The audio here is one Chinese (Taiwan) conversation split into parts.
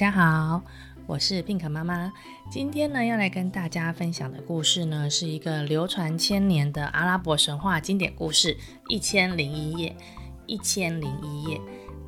大家好，我是 Pink 媽媽。今天呢，要來跟大家分享的故事呢，是一個流傳千年的阿拉伯神話經典故事，《一千零一夜》。一千零一夜。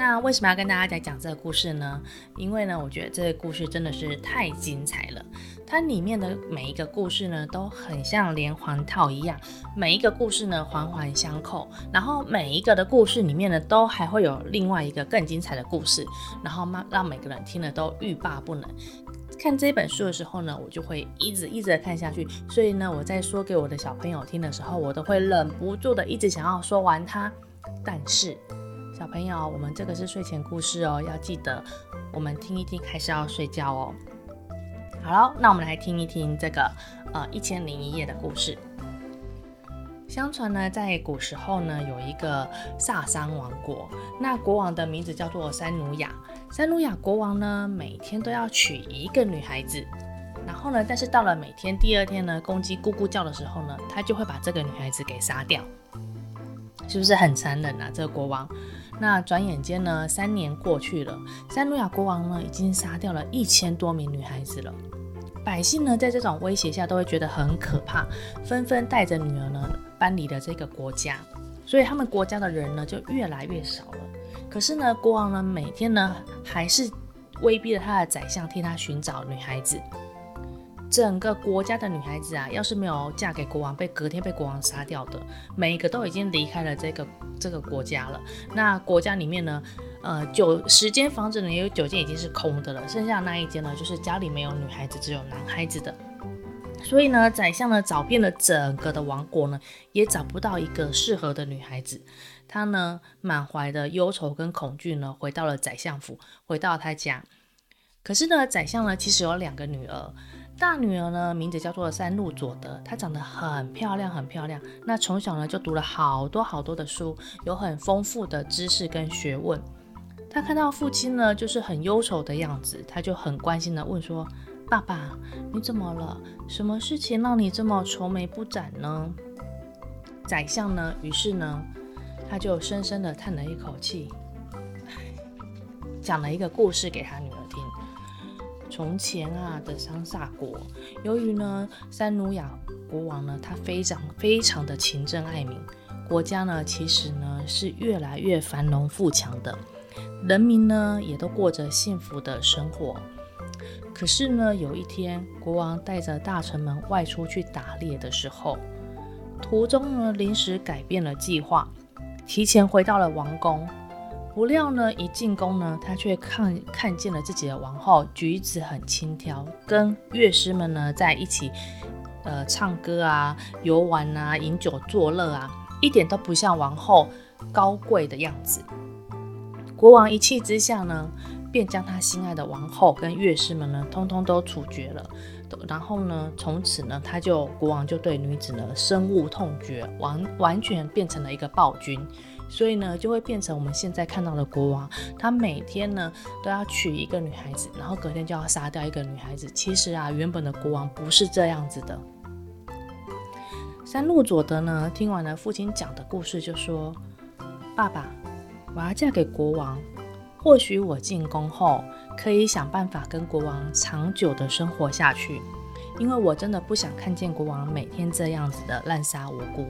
那為什麼要跟大家來講這個故事呢？因為呢，我覺得這個故事真的是太精彩了。它裡面的每一個故事呢，都很像連環套一樣，每一個故事呢環環相扣，然後每一個的故事裡面呢，都還會有另外一個更精彩的故事，然後讓讓每個人聽了都欲罷不能。看這本書的時候呢，我就會一直一直的看下去。所以呢，我在說給我的小朋友聽的時候，我都會忍不住的一直想要說完它，但是。小朋友，我們這個是睡前故事哦，要記得我們聽一聽還是要睡覺哦。好了，那我們來聽一聽這個呃《一千零一夜》的故事。相傳呢，在古時候呢，有一個薩珊王國，那國王的名字叫做沙努亞。沙努亞國王呢，每天都要娶一個女孩子，然後呢，但是到了每天第二天呢，公雞咕咕叫的時候呢，他就會把這個女孩子給殺掉。是不是很殘忍啊？這個國王？那轉眼間呢，三年過去了，三路亞國王呢，已經殺掉了一千多名女孩子了。百姓呢，在這種威脅下都會覺得很可怕，紛紛帶着女兒呢搬離了這個國家。所以他們國家的人呢就越來越少了。可是呢，國王呢每天呢還是威逼着他的宰相替他尋找女孩子。整個國家的女孩子啊，要是沒有嫁給國王，被隔天被國王殺掉的，每一個都已經離開了這個這個國家了。那國家裡面呢，呃，九十間房子呢，也有九間已經是空的了，剩下那一間呢，就是家裡沒有女孩子，只有男孩子的。所以呢，宰相呢找遍了整個的王國呢，也找不到一個適合的女孩子。他呢，滿懷的憂愁跟恐懼呢，回到了宰相府，回到他家。可是呢，宰相呢，其實有兩個女兒。大女兒呢，名字叫做山魯佐德，她長得很漂亮，很漂亮。那從小呢就讀了好多好多的書，有很豐富的知識跟學問。她看到父親呢就是很憂愁的樣子，她就很關心地問說：“爸爸，你怎麼了？什麼事情讓你這麼愁眉不展呢？”宰相呢，於是呢，他就深深地嘆了一口氣，講了一個故事給他女兒。從前啊，的桑薩國，由於呢，三努亞國王呢，他非常非常的勤政愛民，國家呢其實呢是越來越繁榮富強的，人民呢也都過着幸福的生活。可是呢，有一天國王帶着大臣們外出去打獵的時候，途中呢臨時改變了計劃，提前回到了王宮。不料呢，一進宮呢，他卻看看見了自己的王後，舉止很輕佻，跟樂師們呢在一起，呃，唱歌啊，遊玩啊，飲酒作樂啊，一點都不像王后高貴的樣子。國王一氣之下呢，便將他心愛的王后跟樂師們呢，通通都處決了。然後呢，從此呢，他就國王就對女子呢深惡痛絕，完完全變成了一個暴君。所以呢，就會變成我們現在看到的國王。他每天呢，都要娶一個女孩子，然後隔天就要殺掉一個女孩子。其實啊，原本的國王不是這樣子的。三路佐德呢，聽完了父親講的故事，就說：“爸爸，我要嫁給國王。或許我進宮後，可以想辦法跟國王長久的生活下去。因為我真的不想看見國王每天這樣子的濫殺無辜。”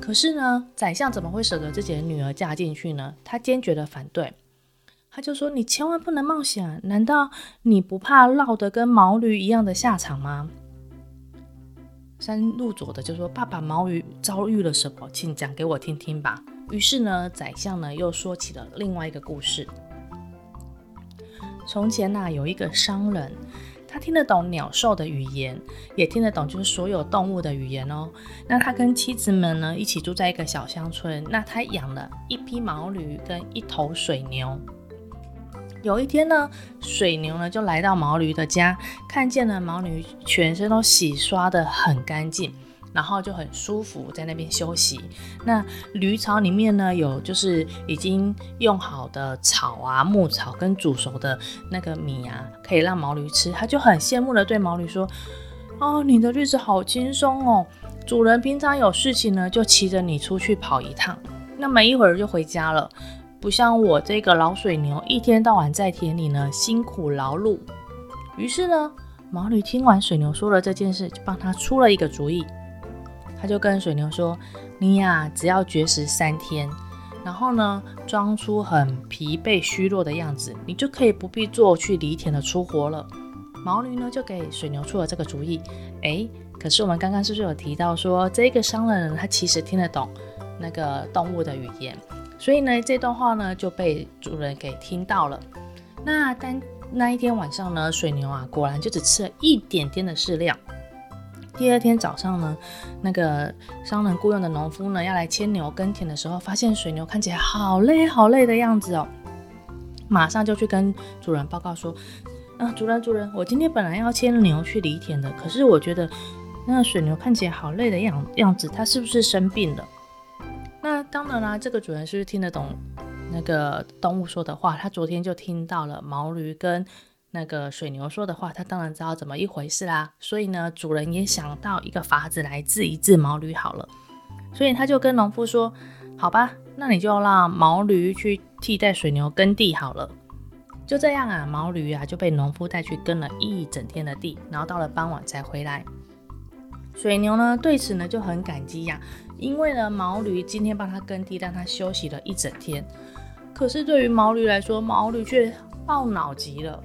可是呢，宰相怎麼會捨得自己的女兒嫁進去呢？他堅決的反對，他就說：“你千萬不能冒險，難道你不怕落得跟毛驢一樣的下場嗎？”山魯佐德就說：“爸爸，毛驢遭遇了什麼，請講給我聽聽吧。”於是呢，宰相呢又說起了另外一個故事。從前呢、啊，有一個商人。聽得懂鳥獸的語言，也聽得懂就是所有動物的語言哦。那他跟妻子們呢一起住在一個小鄉村。那他養了一匹毛驢跟一頭水牛。有一天呢，水牛呢就來到毛驢的家，看見了毛驢全身都洗刷得很乾淨。然後就很舒服，在那邊休息。那驢槽裡面呢，有就是已經用好的草啊、牧草跟煮熟的那個米啊，可以讓毛驢吃。他就很羨慕的對毛驢說：“哦，你的日子好輕鬆哦，主人平常有事情呢，就騎着你出去跑一趟，那沒一會兒就回家了。不像我這個老水牛，一天到晚在田裡呢，辛苦勞碌。”於是呢，毛驢聽完水牛說了這件事，就幫他出了一個主意。他就跟水牛說：“你呀，只要絕食三天，然後呢，裝出很疲憊虛弱的樣子，你就可以不必做去犁田的粗活了。”毛驢呢，就給水牛出了這個主意。哎，可是我們剛剛是不是有提到說，這個商人他其實聽得懂那個動物的語言，所以呢，這段話呢就被主人給聽到了。那當那一天晚上呢，水牛啊，果然就只吃了一點點的飼料。第二天早上呢，那個商人雇傭的農夫呢，要來牽牛耕田的時候，發現水牛看起來好累、好累的樣子哦，馬上就去跟主人報告說：“啊，主人，主人，我今天本來要牽牛去犁田的，可是我覺得那個水牛看起來好累的樣樣子，它是不是生病了？”那當然啦、啊，這個主人是不是聽得懂那個動物說的話？他昨天就聽到了毛驢跟那個水牛說的話，他當然知道怎麼一回事啦。所以呢，主人也想到一個法子來治一治毛驢好了。所以他就跟農夫說：“好吧，那你就讓毛驢去替代水牛耕地好了。”就這樣啊，毛驢啊就被農夫帶去耕了一整天的地，然後到了傍晚才回來。水牛呢對此呢就很感激呀、啊，因為呢毛驢今天幫它耕地，讓它休息了一整天。可是對於毛驢來說，毛驢卻懊惱極了。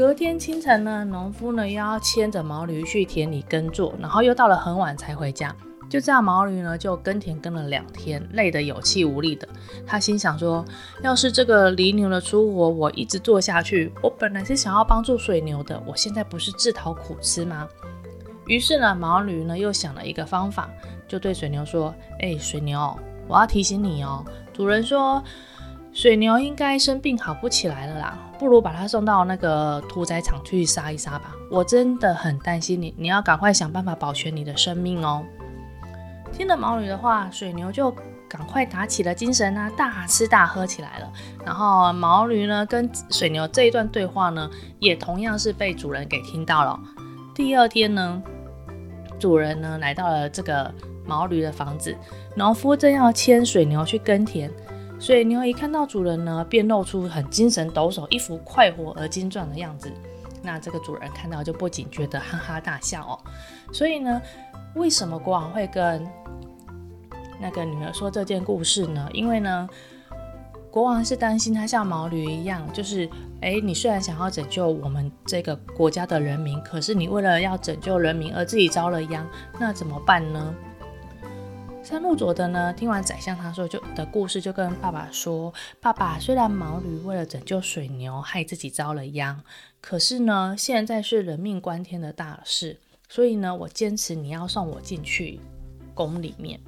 隔天清晨呢，農夫呢又要牽着毛驢去田裡耕作，然後又到了很晚才回家。就這樣，毛驢呢就耕田耕了兩天，累得有氣無力的。他心想說：“要是這個犁牛的粗活，我一直做下去，我本來是想要幫助水牛的，我現在不是自討苦吃嗎？”於是呢，毛驢呢又想了一個方法，就對水牛說：“哎、欸，水牛，我要提醒你哦，主人說。”水牛應該生病好不起來了啦，不如把它送到那個屠宰場去殺一殺吧。我真的很擔心你，你要趕快想辦法保全你的生命哦。聽了毛驢的話，水牛就趕快打起了精神啊，大吃大喝起來了。然後毛驢呢，跟水牛這一段對話呢，也同樣是被主人給聽到了。第二天呢，主人呢來到了這個毛驢的房子，農夫正要牽水牛去耕田。所以牛一看到主人呢，便露出很精神抖擻、一副快活而精壯的樣子。那這個主人看到就不禁覺得哈哈大笑哦。所以呢，為什麼國王會跟那個女兒說這件故事呢？因為呢，國王是擔心他像毛驢一樣，就是哎，你雖然想要拯救我們這個國家的人民，可是你為了要拯救人民而自己遭了殃，那怎麼辦呢？但陸佐德呢？聽完宰相他說就的故事，就跟爸爸說：“爸爸，雖然毛驢為了拯救水牛，害自己遭了殃，可是呢，現在是人命關天的大事，所以呢，我堅持你要送我進去宮裡面。”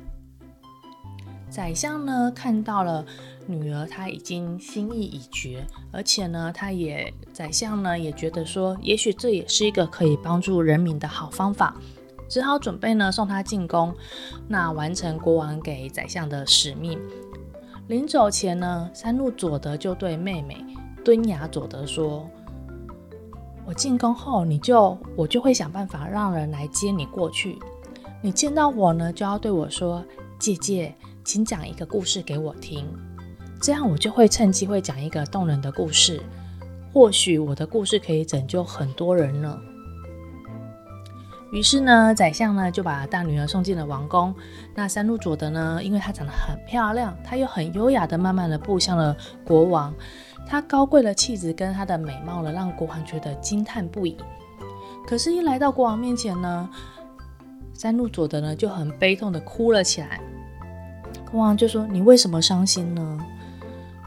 宰相呢，看到了女兒，她已經心意已決，而且呢，他也宰相呢也覺得說，也許這也是一個可以幫助人民的好方法。只好準備呢送他進宮，那完成國王給宰相的使命。臨走前呢，山魯佐德就對妹妹敦雅佐德說：“我進宮後，你就我就會想辦法讓人來接你過去。你見到我呢，就要對我說：‘姐姐，請講一個故事給我聽。’這樣我就會趁機會講一個動人的故事，或許我的故事可以拯救很多人呢。”於是呢，宰相呢就把大女兒送進了王宮。那三路佐德呢，因為她長得很漂亮，她又很優雅的慢慢的步向了國王。她高貴的氣質跟她的美貌呢，讓國王覺得驚嘆不已。可是，一來到國王面前呢，三路佐德呢就很悲痛的哭了起來。國王就說：“你為什麼傷心呢？”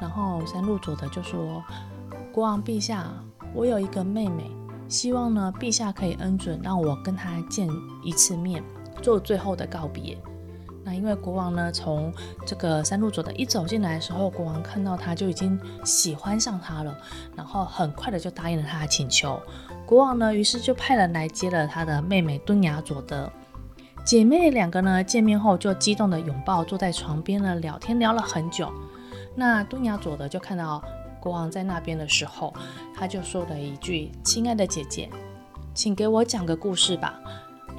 然後三路佐德就說：“國王陛下，我有一個妹妹。”希望呢，陛下可以恩准讓我跟他見一次面，做最後的告別。那因為國王呢，從這個山魯佐德一走進來的時候，國王看到他就已經喜歡上他了，然後很快的就答應了他的請求。國王呢，於是就派人來接了他的妹妹敦雅佐德。姐妹兩個呢見面後就激動地擁抱，坐在床邊呢聊天，聊了很久。那敦雅佐德就看到。國王在那邊的時候，他就說了一句：“親愛的姐姐，請給我講個故事吧。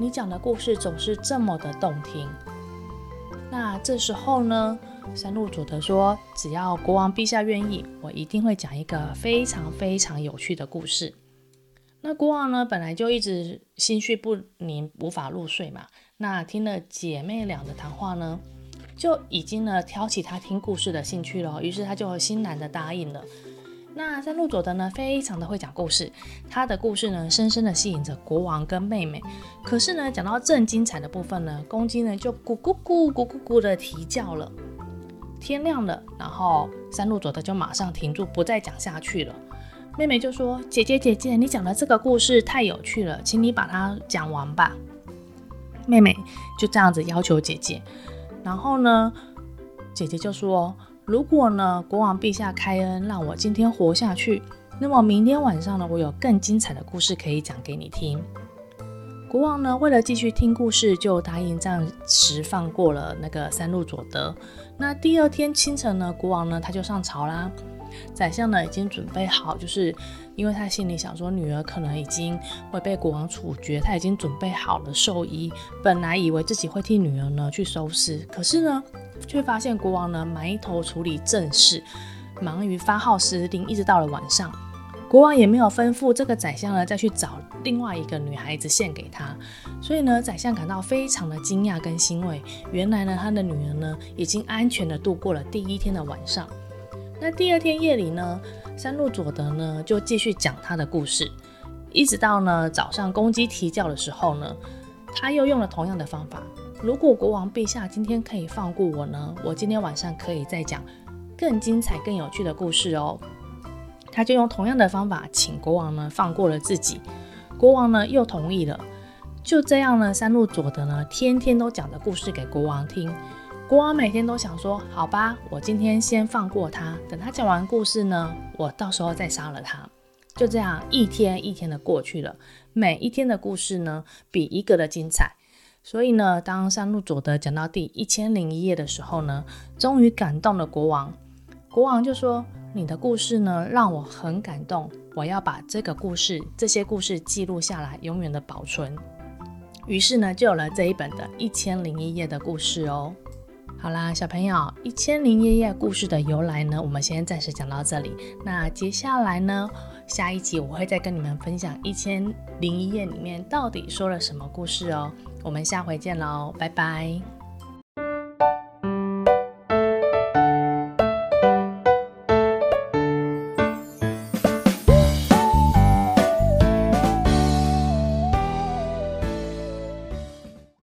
你講的故事總是這麼的動聽。”那這時候呢，山魯佐德說：“只要國王陛下願意，我一定會講一個非常非常有趣的故事。”那國王呢，本來就一直心緒不寧，無法入睡嘛。那聽了姐妹倆的談話呢，就已經呢，挑起他聽故事的興趣了，於是他就欣然的答應了。那三路佐德呢，非常的會講故事，他的故事呢，深深的吸引着國王跟妹妹。可是呢，講到正精彩的部分呢，公雞呢就咕咕咕咕咕咕，咕咕的啼叫了。天亮了，然後三路佐德就馬上停住，不再講下去了。妹妹就說：“姐，姐姐姐姐，你講的這個故事太有趣了，請你把它講完吧。”妹妹就這樣子要求姐姐。然後呢，姐姐就說：“如果呢，國王陛下開恩讓我今天活下去，那麼明天晚上呢，我有更精彩的故事可以講給你聽。”國王呢，為了繼續聽故事，就答應暫時放過了那個三路佐德。那第二天清晨呢，國王呢，他就上朝啦。宰相呢已經準備好，就是因為他心裡想說女兒可能已經會被國王處決，他已經準備好了壽衣。本來以為自己會替女兒呢去收屍，可是呢，卻發現國王呢埋頭處理政事，忙於發號施令，一直到了晚上，國王也沒有吩咐這個宰相呢再去找另外一個女孩子獻給他。所以呢，宰相感到非常的驚訝跟欣慰，原來呢他的女兒呢已經安全的度過了第一天的晚上。那第二天夜裡呢，山魯佐德呢就繼續講他的故事，一直到呢早上公雞啼叫的時候呢，他又用了同樣的方法。如果國王陛下今天可以放過我呢，我今天晚上可以再講更精彩、更有趣的故事哦。他就用同樣的方法請國王呢放過了自己，國王呢又同意了。就這樣呢，山魯佐德呢天天都講着故事給國王聽。國王每天都想說：“好吧，我今天先放過他，等他講完故事呢，我到時候再殺了他。”就這樣，一天一天的過去了，每一天的故事呢，比一個的精彩。所以呢，當山魯佐德講到第一千零一夜的時候呢，終於感動了國王。國王就說：“你的故事呢，讓我很感動，我要把這個故事、這些故事記錄下來，永遠的保存。”於是呢，就有了這一本的《一千零一夜》的故事哦。好啦，小朋友，《一千零一夜》故事的由來呢，我們先暫時講到這裡。那接下來呢，下一集我會再跟你們分享《一千零一夜》裡面到底說了什麼故事哦。我們下回見嘍，拜拜。